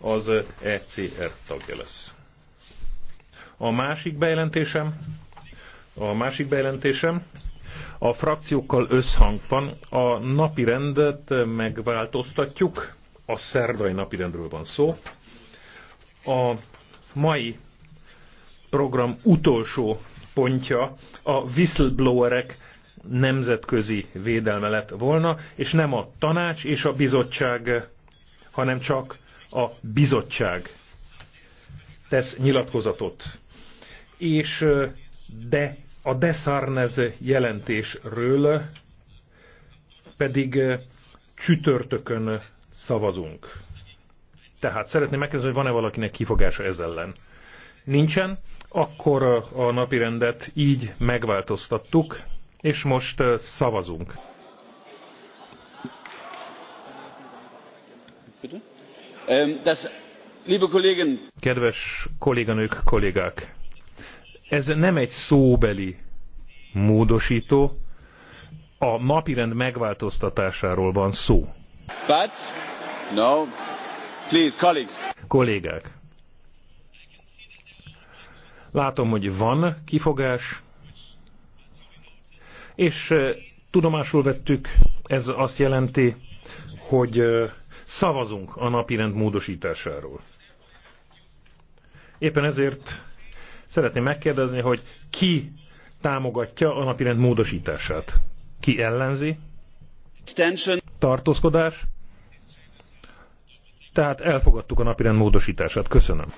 az ECR tagja lesz. A másik bejelentésem, a másik bejelentésem, a frakciókkal összhangban a napi rendet megváltoztatjuk, a szerdai napi rendről van szó. A mai program utolsó pontja a whistleblowerek nemzetközi védelme lett volna, és nem a tanács és a bizottság, hanem csak a bizottság tesz nyilatkozatot, és de a Desarnez jelentésről pedig csütörtökön szavazunk. Tehát szeretném megkérdezni, hogy van-e valakinek kifogása ez ellen. Nincsen, akkor a napirendet így megváltoztattuk, és most szavazunk. Bitte? Ähm, Kedves kolléganők, kollégák! Ez nem egy szóbeli módosító, a napirend megváltoztatásáról van szó. But, no, please, colleagues. Kollégák! Látom, hogy van kifogás, és eh, tudomásul vettük, ez azt jelenti, hogy eh, Szavazunk a napirend módosításáról. Éppen ezért szeretném megkérdezni, hogy ki támogatja a napirend módosítását? Ki ellenzi? Tartózkodás? Tehát elfogadtuk a napirend módosítását. Köszönöm.